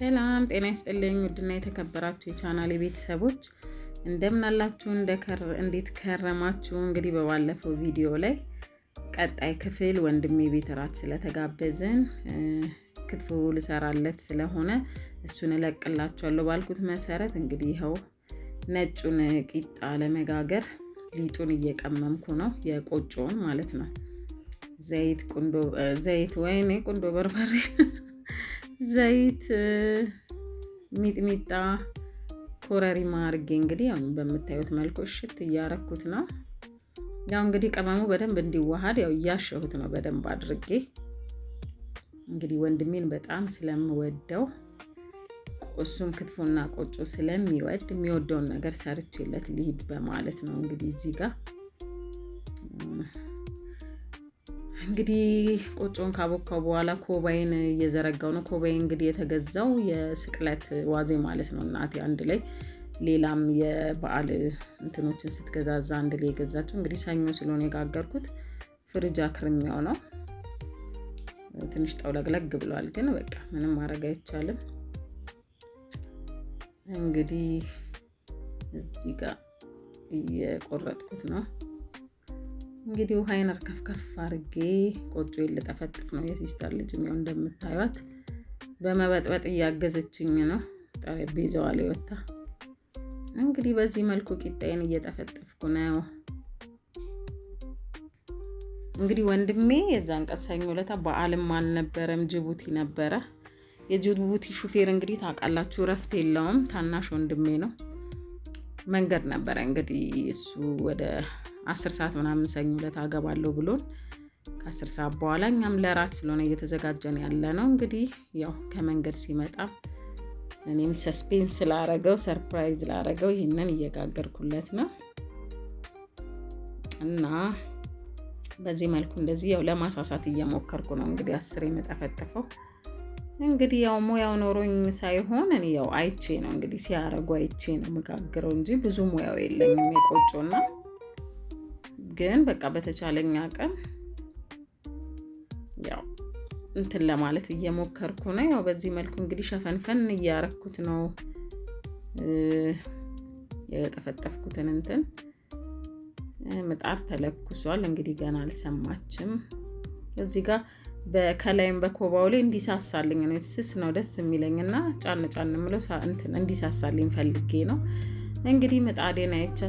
ሰላም ጤና ይስጥልኝ። ውድና የተከበራችሁ የቻናል ቤተሰቦች እንደምናላችሁ እንዴት ከረማችሁ? እንግዲህ በባለፈው ቪዲዮ ላይ ቀጣይ ክፍል ወንድሜ ቤት እራት ስለተጋበዝን ክትፎ ልሰራለት ስለሆነ እሱን እለቅላችኋለሁ ባልኩት መሰረት እንግዲህ ይኸው ነጩን ቂጣ ለመጋገር ሊጡን እየቀመምኩ ነው፣ የቆጮውን ማለት ነው። ዘይት ቁንዶ ዘይት ወይኔ ቁንዶ በርበሬ ዘይት፣ ሚጥሚጣ፣ ኮረሪማ አድርጌ እንግዲህ ያው በምታዩት መልኩ እሽት እያረኩት ነው። ያው እንግዲህ ቅመሙ በደንብ እንዲዋሃድ ያው እያሸሁት ነው በደንብ አድርጌ እንግዲህ ወንድሜን በጣም ስለምወደው እሱም ክትፎና ቆጮ ስለሚወድ የሚወደውን ነገር ሰርቼለት ልሂድ በማለት ነው እንግዲህ እዚህ ጋር እንግዲህ ቆጮን ካቦካው በኋላ ኮባይን እየዘረጋው ነው። ኮባይን እንግዲህ የተገዛው የስቅለት ዋዜ ማለት ነው። እናቴ አንድ ላይ ሌላም የበዓል እንትኖችን ስትገዛዛ አንድ ላይ የገዛቸው እንግዲህ ሰኞ ስለሆነ የጋገርኩት ፍርጃ ክርሚያው ነው። ትንሽ ጠውለግለግ ብለዋል፣ ግን በቃ ምንም ማድረግ አይቻልም። እንግዲህ እዚህ ጋር እየቆረጥኩት ነው እንግዲህ አይነር ከፍከፍ አድርጌ ቆጮ ልጠፈጥፍ ነው። የሲስተር ልጅም ያው እንደምታዩት በመበጥበጥ እያገዘችኝ ነው። ጠረጴዛዋ ላይ ወታ እንግዲህ በዚህ መልኩ ቂጣዬን እየጠፈጠፍኩ ነው። እንግዲህ ወንድሜ የዛን ቀን ሰኞ ዕለት በዓልም አልነበረም፣ ጅቡቲ ነበረ። የጅቡቲ ሹፌር እንግዲህ ታውቃላችሁ፣ እረፍት የለውም። ታናሽ ወንድሜ ነው። መንገድ ነበረ እንግዲህ እሱ ወደ አስር ሰዓት ምናምን ሰኞ ዕለት አገባለሁ ብሎን ከአስር ሰዓት በኋላ እኛም ለራት ስለሆነ እየተዘጋጀን ያለ ነው። እንግዲህ ያው ከመንገድ ሲመጣ እኔም ሰስፔንስ ስላረገው ሰርፕራይዝ ላረገው ይህንን እየጋገርኩለት ነው እና በዚህ መልኩ እንደዚህ ያው ለማሳሳት እየሞከርኩ ነው። እንግዲህ አስር የምጠፈጥፈው እንግዲህ ያው ሙያው ኖሮኝ ሳይሆን እኔ ያው አይቼ ነው እንግዲህ ሲያረጉ አይቼ ነው መጋግረው እንጂ ብዙ ሙያው የለኝም የቆጮና ግን በቃ በተቻለኛ ቀን ያው እንትን ለማለት እየሞከርኩ ነው። ያው በዚህ መልኩ እንግዲህ ሸፈንፈን እያረኩት ነው የጠፈጠፍኩትን እንትን ምጣድ ተለኩሷል። እንግዲህ ገና አልሰማችም። እዚህ ጋር ከላይም በኮባው ላይ እንዲሳሳልኝ ነው። ስስ ነው ደስ የሚለኝ እና ጫን ጫን ምለው እንዲሳሳልኝ ፈልጌ ነው። እንግዲህ ምጣዴን አይቻ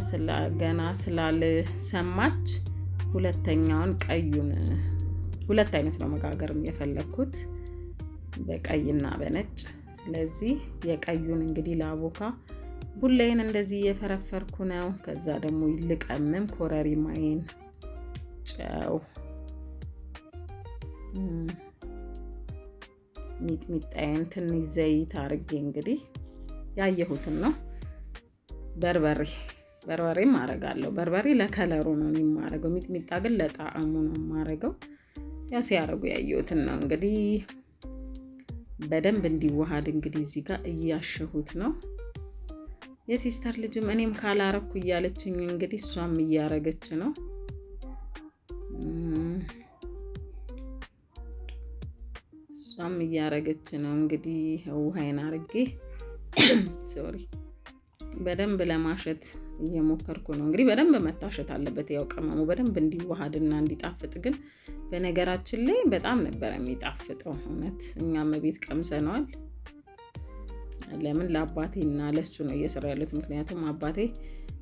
ገና ስላልሰማች ሁለተኛውን ቀዩን ሁለት አይነት ነው መጋገርም የፈለግኩት በቀይና በነጭ። ስለዚህ የቀዩን እንግዲህ ላቦካ ቡላይን እንደዚህ እየፈረፈርኩ ነው። ከዛ ደግሞ ልቀምም ኮረሪማዬን፣ ጨው፣ ሚጥሚጣዬን፣ ትንሽ ዘይት አርጌ እንግዲህ ያየሁትን ነው በርበሬ በርበሬ አረጋለሁ። በርበሬ ለከለሩ ነው የማረገው። ሚጥሚጣ ግን ለጣዕሙ ነው የማረገው። ያ ሲያረጉ ያየሁትን ነው እንግዲህ በደንብ እንዲዋሃድ እንግዲህ እዚህ ጋር እያሸሁት ነው። የሲስተር ልጅም እኔም ካላረኩ እያለችኝ እንግዲህ እሷም እያረገች ነው። እሷም እያረገች ነው እንግዲህ ውሃይን አርጌ ሶሪ በደንብ ለማሸት እየሞከርኩ ነው። እንግዲህ በደንብ መታሸት አለበት፣ ያው ቅመሙ በደንብ እንዲዋሃድና እንዲጣፍጥ። ግን በነገራችን ላይ በጣም ነበረ የሚጣፍጠው እውነት። እኛም ቤት ቀምሰነዋል። ለምን ለአባቴና ለሱ ነው እየሰራ ያሉት። ምክንያቱም አባቴ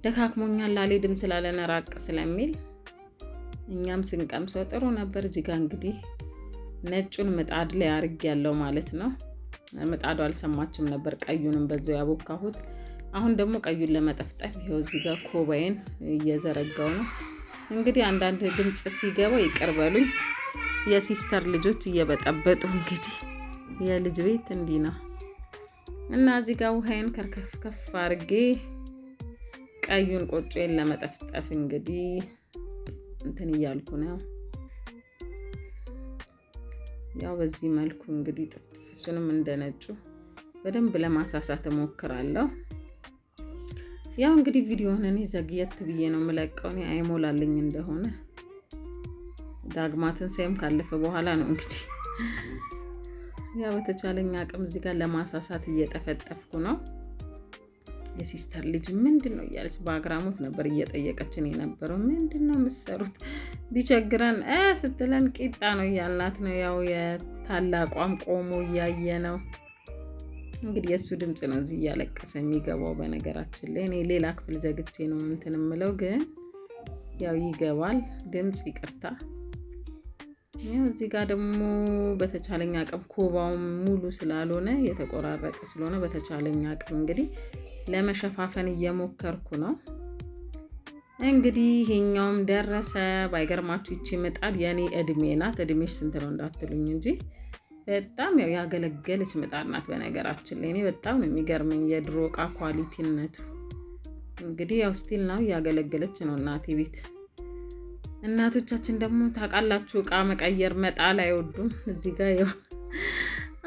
ደካክሞኛል ላልሄድም ስላለነ ራቅ ስለሚል እኛም ስንቀምሰው ጥሩ ነበር። እዚህ ጋ እንግዲህ ነጩን ምጣድ ላይ አርግ ያለው ማለት ነው። ምጣዱ አልሰማችም ነበር። ቀዩንም በዛው ያቦካሁት አሁን ደግሞ ቀዩን ለመጠፍጠፍ ይኸው እዚህ ጋር ኮባይን እየዘረጋው ነው። እንግዲህ አንዳንድ ድምፅ ሲገባ ይቅር የሲስተር ልጆች እየበጠበጡ እንግዲህ የልጅ ቤት እንዲህ ነው እና እዚህ ጋር ከርከፍ ከፍ አርጌ ቀዩን ቆጮዬን ለመጠፍጠፍ እንግዲህ እንትን እያልኩ ነው። ያው በዚህ መልኩ እንግዲህ ጥፍጥፍ እሱንም እንደነጩ በደንብ ለማሳሳት እሞክራለሁ። ያው እንግዲህ ቪዲዮውን እኔ ዘግየት ብዬ ነው የምለቀው። እኔ አይሞላልኝ እንደሆነ ዳግማ ትንሣኤም ካለፈ በኋላ ነው እንግዲህ ያ በተቻለኝ አቅም እዚህ ጋር ለማሳሳት እየጠፈጠፍኩ ነው። የሲስተር ልጅ ምንድን ነው እያለች በአግራሞት ነበር እየጠየቀችን የነበረው። ምንድን ነው የምትሰሩት ቢቸግረን ስትለን ቂጣ ነው እያልናት ነው። ያው የታላቋም ቆሞ እያየ ነው እንግዲህ የእሱ ድምፅ ነው እዚህ እያለቀሰ የሚገባው። በነገራችን ላይ እኔ ሌላ ክፍል ዘግቼ ነው እንትን የምለው፣ ግን ያው ይገባል ድምፅ። ይቅርታ። እዚህ ጋር ደግሞ በተቻለኛ አቅም ኮባውም ሙሉ ስላልሆነ የተቆራረጠ ስለሆነ በተቻለኛ አቅም እንግዲህ ለመሸፋፈን እየሞከርኩ ነው። እንግዲህ ይሄኛውም ደረሰ። ባይገርማችሁ ይቺ ምጣድ የእኔ እድሜ ናት። እድሜሽ ስንት ነው እንዳትሉኝ እንጂ በጣም ያው ያገለገለች ምጣድ ናት። በነገራችን ላይ እኔ በጣም ነው የሚገርመኝ የድሮ እቃ ኳሊቲነቱ። እንግዲህ ያው ስቲል ነው እያገለገለች ነው እናቴ ቤት። እናቶቻችን ደግሞ ታውቃላችሁ እቃ መቀየር መጣል አይወዱም። እዚህ ጋ ያው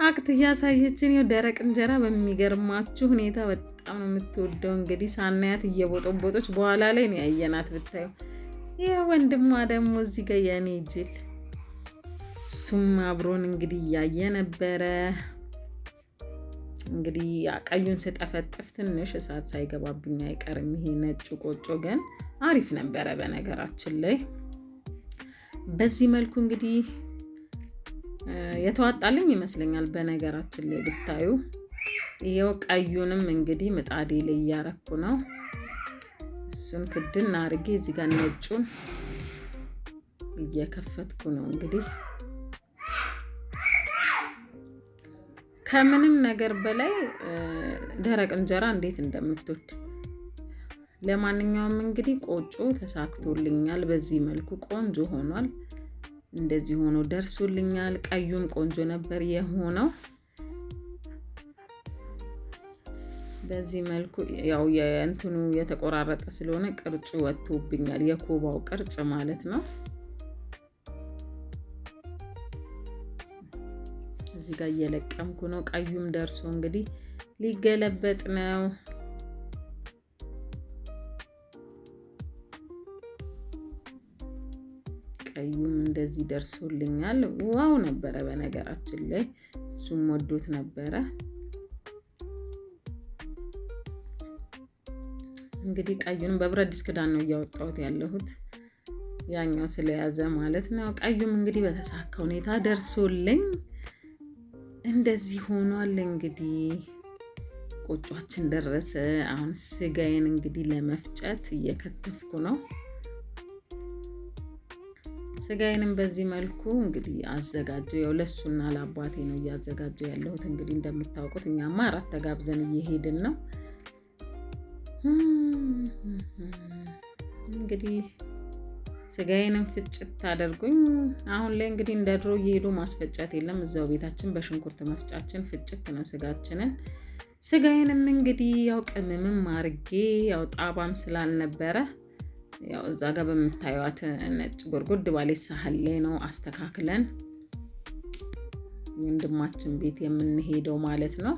አክት እያሳየችን ያው ደረቅ እንጀራ በሚገርማችሁ ሁኔታ በጣም ነው የምትወደው። እንግዲህ ሳናያት እየቦጦቦጦች በኋላ ላይ ነው ያየናት ብታዩ። ይህ ወንድሟ ደግሞ እዚህ ጋ የኔ ጅል እሱም አብሮን እንግዲህ እያየ ነበረ። እንግዲህ ቀዩን ስጠፈጥፍ ትንሽ እሳት ሳይገባብኝ አይቀርም። ይሄ ነጩ ቆጮ ግን አሪፍ ነበረ በነገራችን ላይ። በዚህ መልኩ እንግዲህ የተዋጣልኝ ይመስለኛል። በነገራችን ላይ ብታዩ ይኸው ቀዩንም እንግዲህ ምጣዴ ላይ እያረኩ ነው። እሱን ክድን አርጌ እዚህ ጋር ነጩን እየከፈትኩ ነው እንግዲህ ከምንም ነገር በላይ ደረቅ እንጀራ እንዴት እንደምትወድ ለማንኛውም እንግዲህ ቆጮ ተሳክቶልኛል። በዚህ መልኩ ቆንጆ ሆኗል። እንደዚህ ሆኖ ደርሶልኛል። ቀዩም ቆንጆ ነበር የሆነው። በዚህ መልኩ ያው የእንትኑ የተቆራረጠ ስለሆነ ቅርጹ ወጥቶብኛል። የኮባው ቅርጽ ማለት ነው። እዚህ ጋር እየለቀምኩ ነው። ቀዩም ደርሶ እንግዲህ ሊገለበጥ ነው። ቀዩም እንደዚህ ደርሶልኛል። ዋው ነበረ። በነገራችን ላይ እሱም ወዶት ነበረ። እንግዲህ ቀዩንም በብረት ዲስክ ክዳን ነው እያወጣሁት ያለሁት ያኛው ስለያዘ ማለት ነው። ቀዩም እንግዲህ በተሳካ ሁኔታ ደርሶልኝ እንደዚህ ሆኗል። እንግዲህ ቆጯችን ደረሰ። አሁን ስጋዬን እንግዲህ ለመፍጨት እየከተፍኩ ነው። ስጋዬንም በዚህ መልኩ እንግዲህ አዘጋጀው። ያው ለሱና ለአባቴ ነው እያዘጋጀው ያለሁት። እንግዲህ እንደምታውቁት እኛማ አራት ተጋብዘን እየሄድን ነው እንግዲህ ስጋዬንም ፍጭት አደርጉኝ። አሁን ላይ እንግዲህ እንደ ድሮ እየሄዱ ማስፈጨት የለም። እዛው ቤታችን በሽንኩርት መፍጫችን ፍጭት ነው ስጋችንን። ስጋዬንም እንግዲህ ያው ቅመምም አርጌ ያው ጣባም ስላልነበረ ያው እዛ ጋር በምታዩት ነጭ ጎድጎድ ባሌ ሳህን ላይ ነው አስተካክለን ወንድማችን ቤት የምንሄደው ማለት ነው።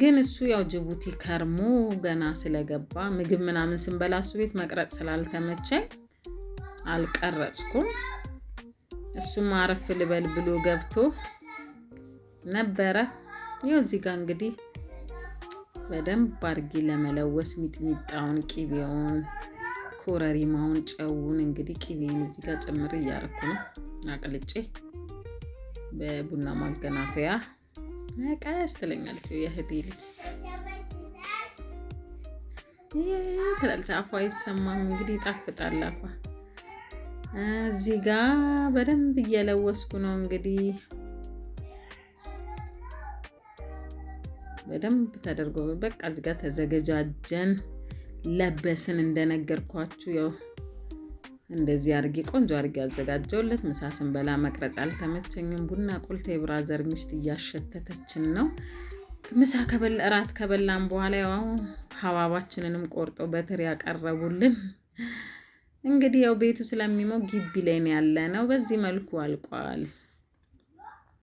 ግን እሱ ያው ጅቡቲ ከርሞ ገና ስለገባ ምግብ ምናምን ስንበላ እሱ ቤት መቅረጥ ስላልተመቸኝ አልቀረጽኩም። እሱም አረፍ ልበል ብሎ ገብቶ ነበረ። ይኸው እዚህ ጋር እንግዲህ በደንብ አድርጌ ለመለወስ ሚጥሚጣውን፣ ቂቤውን፣ ኮረሪማውን፣ ጨውን እንግዲህ ቂቤን እዚህ ጋር ጭምር እያደረኩ ነው አቅልጬ በቡና ማገናፈያ ነቀስ ትለኛለች የእህቴ ልጅ ትላለች። አፏ አይሰማም እንግዲህ ይጣፍጣል አፏ እዚህ ጋ በደንብ እየለወስኩ ነው እንግዲህ በደንብ ተደርጎ በቃ እዚህ ጋ ተዘገጃጀን ለበስን። እንደነገርኳችሁ ያው እንደዚህ አድርጌ ቆንጆ አድርጌ ያዘጋጀውለት ምሳ ስንበላ መቅረጽ አልተመቸኝም። ቡና ቁልቴ ብራዘር ሚስት እያሸተተችን ነው። ምሳ እራት ከበላን በኋላ ያው ሀባባችንንም ቆርጦ በትር ያቀረቡልን እንግዲህ ያው ቤቱ ስለሚሞቅ ግቢ ላይ ነው ያለ ነው። በዚህ መልኩ አልቋል።